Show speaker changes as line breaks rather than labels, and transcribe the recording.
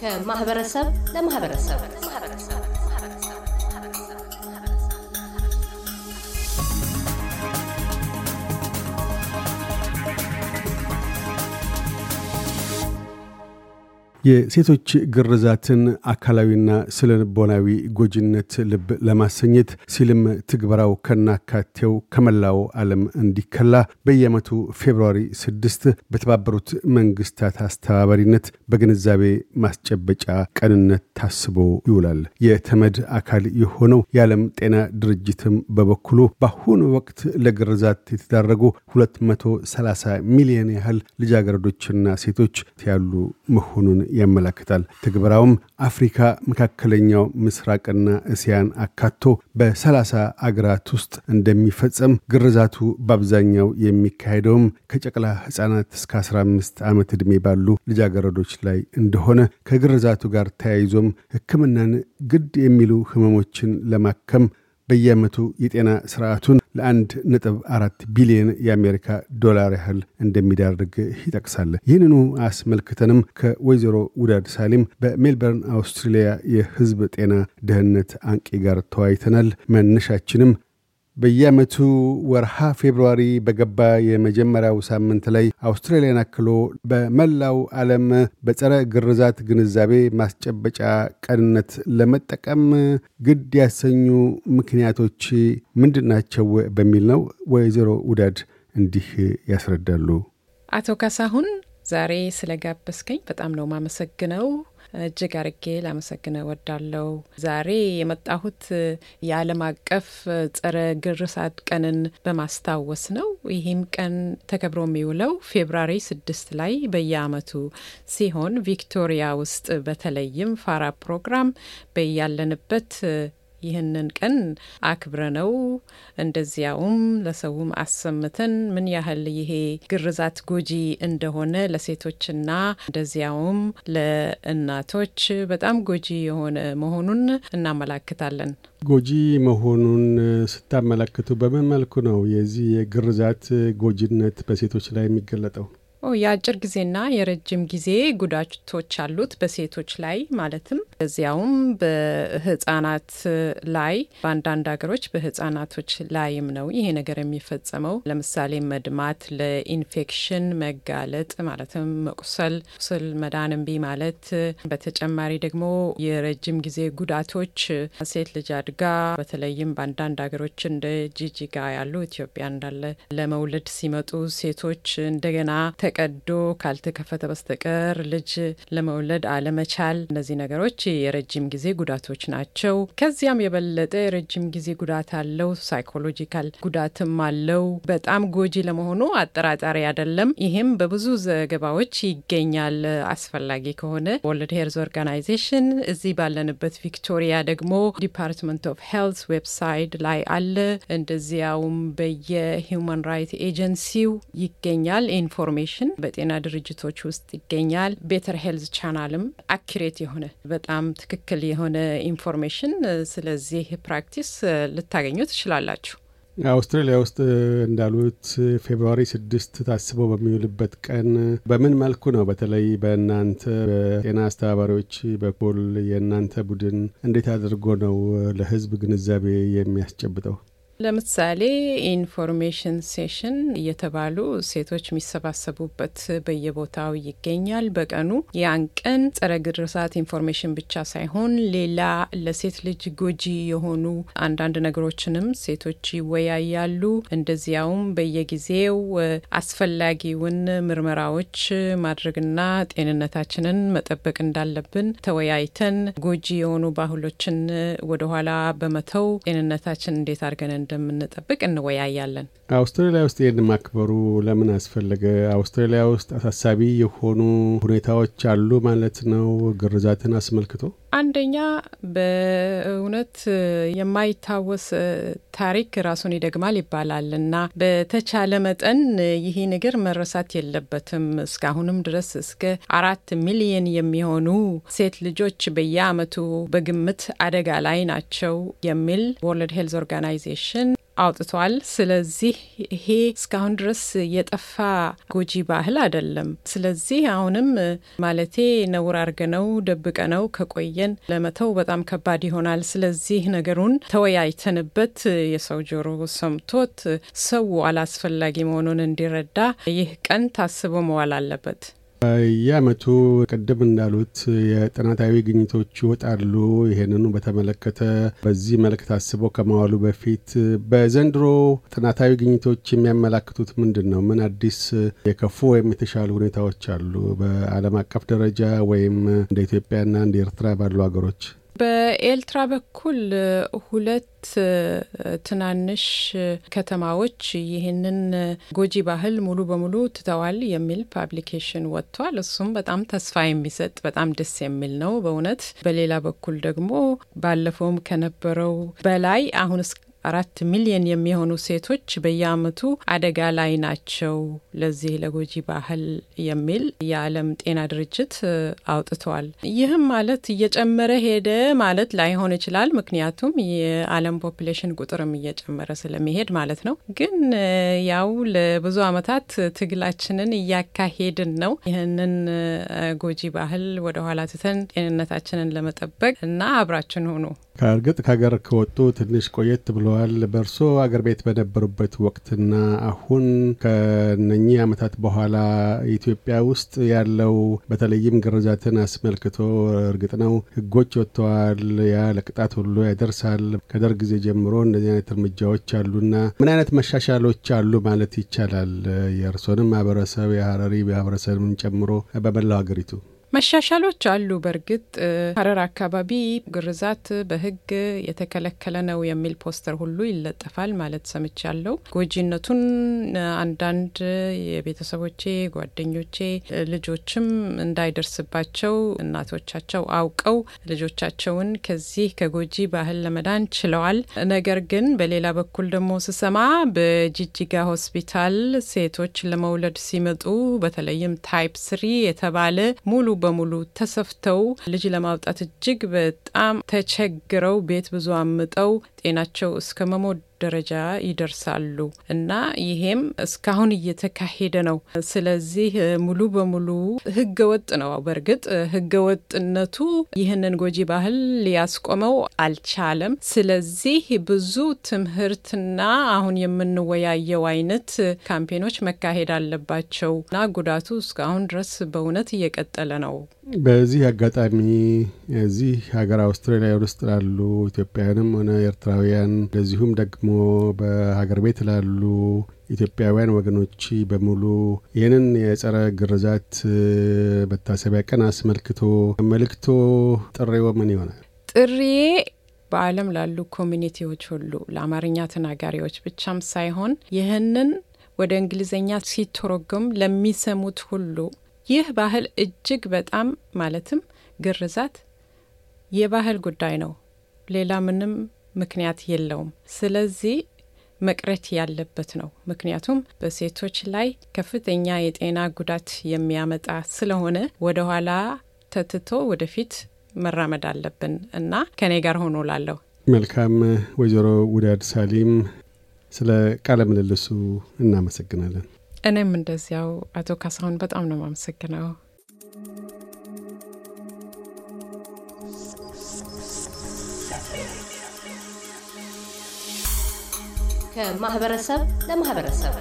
ከማህበረሰብ ለማህበረሰብ የሴቶች ግርዛትን አካላዊና ስለንቦናዊ ጎጂነት ልብ ለማሰኘት ሲልም ትግበራው ከናካቴው ከመላው ዓለም እንዲከላ በየዓመቱ ፌብርዋሪ ስድስት በተባበሩት መንግስታት አስተባባሪነት በግንዛቤ ማስጨበጫ ቀንነት ታስቦ ይውላል። የተመድ አካል የሆነው የዓለም ጤና ድርጅትም በበኩሉ በአሁኑ ወቅት ለግርዛት የተዳረጉ 230 ሚሊዮን ያህል ልጃገረዶችና ሴቶች ያሉ መሆኑን ያመለክታል። ትግበራውም አፍሪካ፣ መካከለኛው ምስራቅና እስያን አካቶ በሰላሳ አገራት ውስጥ እንደሚፈጸም ግርዛቱ በአብዛኛው የሚካሄደውም ከጨቅላ ህጻናት እስከ 15 ዓመት ዕድሜ ባሉ ልጃገረዶች ላይ እንደሆነ ከግርዛቱ ጋር ተያይዞም ሕክምናን ግድ የሚሉ ህመሞችን ለማከም በየዓመቱ የጤና ስርዓቱን ለአንድ ነጥብ አራት ቢሊዮን የአሜሪካ ዶላር ያህል እንደሚዳርግ ይጠቅሳል። ይህንኑ አስመልክተንም ከወይዘሮ ውዳድ ሳሊም በሜልበርን አውስትሬልያ የህዝብ ጤና ደህንነት አንቂ ጋር ተወያይተናል። መነሻችንም በየዓመቱ ወርሃ ፌብርዋሪ በገባ የመጀመሪያው ሳምንት ላይ አውስትራሊያን አክሎ በመላው ዓለም በጸረ ግርዛት ግንዛቤ ማስጨበጫ ቀንነት ለመጠቀም ግድ ያሰኙ ምክንያቶች ምንድን ናቸው በሚል ነው። ወይዘሮ ውዳድ እንዲህ ያስረዳሉ።
አቶ ካሳሁን ዛሬ ስለጋበዝከኝ በጣም ነው ማመሰግነው። እጅግ አርጌ ላመሰግነ ወዳለው። ዛሬ የመጣሁት የዓለም አቀፍ ጸረ ግርሳት ቀንን በማስታወስ ነው። ይህም ቀን ተከብሮ የሚውለው ፌብራሪ ስድስት ላይ በየአመቱ ሲሆን ቪክቶሪያ ውስጥ በተለይም ፋራ ፕሮግራም በያለንበት ይህንን ቀን አክብረነው እንደዚያውም ለሰውም አሰምተን ምን ያህል ይሄ ግርዛት ጎጂ እንደሆነ ለሴቶችና እንደዚያውም ለእናቶች በጣም ጎጂ የሆነ መሆኑን እናመላክታለን።
ጎጂ መሆኑን ስታመላክቱ በምን መልኩ ነው የዚህ የግርዛት ጎጂነት በሴቶች ላይ የሚገለጠው?
የአጭር ጊዜና የረጅም ጊዜ ጉዳቶች አሉት በሴቶች ላይ ማለትም እዚያውም በህጻናት ላይ በአንዳንድ ሀገሮች በህጻናቶች ላይም ነው ይሄ ነገር የሚፈጸመው። ለምሳሌ መድማት፣ ለኢንፌክሽን መጋለጥ ማለትም መቁሰል፣ ቁስል መዳን እምቢ ማለት። በተጨማሪ ደግሞ የረጅም ጊዜ ጉዳቶች ሴት ልጅ አድጋ በተለይም በአንዳንድ ሀገሮች እንደ ጂጂጋ ያሉ ኢትዮጵያ እንዳለ ለመውለድ ሲመጡ ሴቶች እንደገና ተቀዶ ካልተከፈተ በስተቀር ልጅ ለመውለድ አለመቻል እነዚህ ነገሮች የረጅም ጊዜ ጉዳቶች ናቸው። ከዚያም የበለጠ የረጅም ጊዜ ጉዳት አለው። ሳይኮሎጂካል ጉዳትም አለው። በጣም ጎጂ ለመሆኑ አጠራጣሪ አይደለም። ይህም በብዙ ዘገባዎች ይገኛል። አስፈላጊ ከሆነ ወርልድ ሄልዝ ኦርጋናይዜሽን እዚህ ባለንበት ቪክቶሪያ ደግሞ ዲፓርትመንት ኦፍ ሄልት ዌብሳይት ላይ አለ። እንደዚያውም በየሂውማን ራይት ኤጀንሲው ይገኛል። ኢንፎርሜሽን በጤና ድርጅቶች ውስጥ ይገኛል። ቤተር ሄልዝ ቻናልም አኪሬት የሆነ በጣም በጣም ትክክል የሆነ ኢንፎርሜሽን ስለዚህ ፕራክቲስ ልታገኙ ትችላላችሁ።
አውስትራሊያ ውስጥ እንዳሉት ፌብርዋሪ ስድስት ታስቦ በሚውልበት ቀን በምን መልኩ ነው በተለይ በእናንተ በጤና አስተባባሪዎች በኩል የእናንተ ቡድን እንዴት አድርጎ ነው ለህዝብ ግንዛቤ የሚያስጨብጠው?
ለምሳሌ ኢንፎርሜሽን ሴሽን እየተባሉ ሴቶች የሚሰባሰቡበት በየቦታው ይገኛል። በቀኑ ያን ቀን ጸረ ግርዛት ኢንፎርሜሽን ብቻ ሳይሆን ሌላ ለሴት ልጅ ጎጂ የሆኑ አንዳንድ ነገሮችንም ሴቶች ይወያያሉ። እንደዚያውም በየጊዜው አስፈላጊውን ምርመራዎች ማድረግና ጤንነታችንን መጠበቅ እንዳለብን ተወያይተን ጎጂ የሆኑ ባህሎችን ወደኋላ በመተው ጤንነታችን እንዴት አድርገን እንደምንጠብቅ እንወያያለን።
አውስትራሊያ ውስጥ ይህን ማክበሩ ለምን አስፈለገ? አውስትራሊያ ውስጥ አሳሳቢ የሆኑ ሁኔታዎች አሉ ማለት ነው ግርዛትን አስመልክቶ?
አንደኛ በእውነት የማይታወስ ታሪክ ራሱን ይደግማል ይባላል እና በተቻለ መጠን ይህ ነገር መረሳት የለበትም። እስካሁንም ድረስ እስከ አራት ሚሊየን የሚሆኑ ሴት ልጆች በየአመቱ በግምት አደጋ ላይ ናቸው የሚል ወርልድ ሄልዝ ኦርጋናይዜሽን አውጥቷል። ስለዚህ ይሄ እስካሁን ድረስ የጠፋ ጎጂ ባህል አይደለም። ስለዚህ አሁንም ማለቴ ነውር አድርገነው ደብቀነው ከቆየን ለመተው በጣም ከባድ ይሆናል። ስለዚህ ነገሩን ተወያይተንበት የሰው ጆሮ ሰምቶት ሰው አላስፈላጊ መሆኑን እንዲረዳ ይህ ቀን ታስቦ መዋል አለበት።
በየአመቱ ቅድም እንዳሉት የጥናታዊ ግኝቶች ይወጣሉ። ይሄንኑ በተመለከተ በዚህ መልክ ታስቦ ከማዋሉ በፊት በዘንድሮ ጥናታዊ ግኝቶች የሚያመላክቱት ምንድን ነው? ምን አዲስ የከፉ ወይም የተሻሉ ሁኔታዎች አሉ? በዓለም አቀፍ ደረጃ ወይም እንደ ኢትዮጵያና እንደ ኤርትራ ባሉ ሀገሮች
በኤልትራ በኩል ሁለት ትናንሽ ከተማዎች ይህንን ጎጂ ባህል ሙሉ በሙሉ ትተዋል የሚል ፓብሊኬሽን ወጥቷል። እሱም በጣም ተስፋ የሚሰጥ በጣም ደስ የሚል ነው በእውነት። በሌላ በኩል ደግሞ ባለፈውም ከነበረው በላይ አሁን አራት ሚሊዮን የሚሆኑ ሴቶች በየአመቱ አደጋ ላይ ናቸው ለዚህ ለጎጂ ባህል የሚል የዓለም ጤና ድርጅት አውጥተዋል። ይህም ማለት እየጨመረ ሄደ ማለት ላይሆን ይችላል። ምክንያቱም የዓለም ፖፕሌሽን ቁጥርም እየጨመረ ስለሚሄድ ማለት ነው። ግን ያው ለብዙ አመታት ትግላችንን እያካሄድን ነው። ይህንን ጎጂ ባህል ወደኋላ ትተን ጤንነታችንን ለመጠበቅ እና አብራችን ሆኑ
ከእርግጥ ከሀገር ከወጡ ትንሽ ቆየት ብለዋል። በእርሶ አገር ቤት በነበሩበት ወቅትና አሁን ከነኚህ ዓመታት በኋላ ኢትዮጵያ ውስጥ ያለው በተለይም ግርዛትን አስመልክቶ እርግጥ ነው ሕጎች ወጥተዋል። ያ ለቅጣት ሁሉ ያደርሳል። ከደርግ ጊዜ ጀምሮ እንደዚህ አይነት እርምጃዎች አሉና ምን አይነት መሻሻሎች አሉ ማለት ይቻላል? የእርሶንም ማህበረሰብ የሀረሪ ማህበረሰብን ጨምሮ በመላው ሀገሪቱ
መሻሻሎች አሉ። በእርግጥ ሀረር አካባቢ ግርዛት በህግ የተከለከለ ነው የሚል ፖስተር ሁሉ ይለጠፋል ማለት ሰምቻለሁ። ጎጂነቱን አንዳንድ የቤተሰቦቼ ጓደኞቼ ልጆችም እንዳይደርስባቸው እናቶቻቸው አውቀው ልጆቻቸውን ከዚህ ከጎጂ ባህል ለመዳን ችለዋል። ነገር ግን በሌላ በኩል ደግሞ ስሰማ በጂጂጋ ሆስፒታል ሴቶች ለመውለድ ሲመጡ በተለይም ታይፕ ስሪ የተባለ ሙሉ በሙሉ ተሰፍተው ልጅ ለማውጣት እጅግ በጣም ተቸግረው ቤት ብዙ አምጠው ጤናቸው እስከ መሞድ ደረጃ ይደርሳሉ እና ይሄም እስካሁን እየተካሄደ ነው። ስለዚህ ሙሉ በሙሉ ህገ ወጥ ነው። በእርግጥ ህገ ወጥነቱ ይህንን ጎጂ ባህል ሊያስቆመው አልቻለም። ስለዚህ ብዙ ትምህርትና አሁን የምንወያየው አይነት ካምፔኖች መካሄድ አለባቸው እና ጉዳቱ እስካሁን ድረስ በእውነት እየቀጠለ ነው።
በዚህ አጋጣሚ እዚህ ሀገር አውስትራሊያ ውስጥ ላሉ ኢትዮጵያውያንም ሆነ ኤርትራውያን እንደዚሁም ደግሞ በሀገር ቤት ላሉ ኢትዮጵያውያን ወገኖች በሙሉ ይህንን የጸረ ግርዛት መታሰቢያ ቀን አስመልክቶ መልእክቶ፣ ጥሬው ምን ይሆናል?
ጥሪዬ በዓለም ላሉ ኮሚኒቲዎች ሁሉ ለአማርኛ ተናጋሪዎች ብቻም ሳይሆን ይህንን ወደ እንግሊዝኛ ሲተረጎም ለሚሰሙት ሁሉ ይህ ባህል እጅግ በጣም ማለትም ግርዛት የባህል ጉዳይ ነው። ሌላ ምንም ምክንያት የለውም። ስለዚህ መቅረት ያለበት ነው። ምክንያቱም በሴቶች ላይ ከፍተኛ የጤና ጉዳት የሚያመጣ ስለሆነ ወደኋላ ተትቶ ወደፊት መራመድ አለብን እና ከኔ ጋር ሆኖ ላለሁ
መልካም ወይዘሮ ውዳድ ሳሊም ስለ ቃለ ምልልሱ እናመሰግናለን።
እኔም እንደዚያው አቶ ካሳሁን በጣም ነው የማመሰግነው።
ከማህበረሰብ ለማህበረሰብ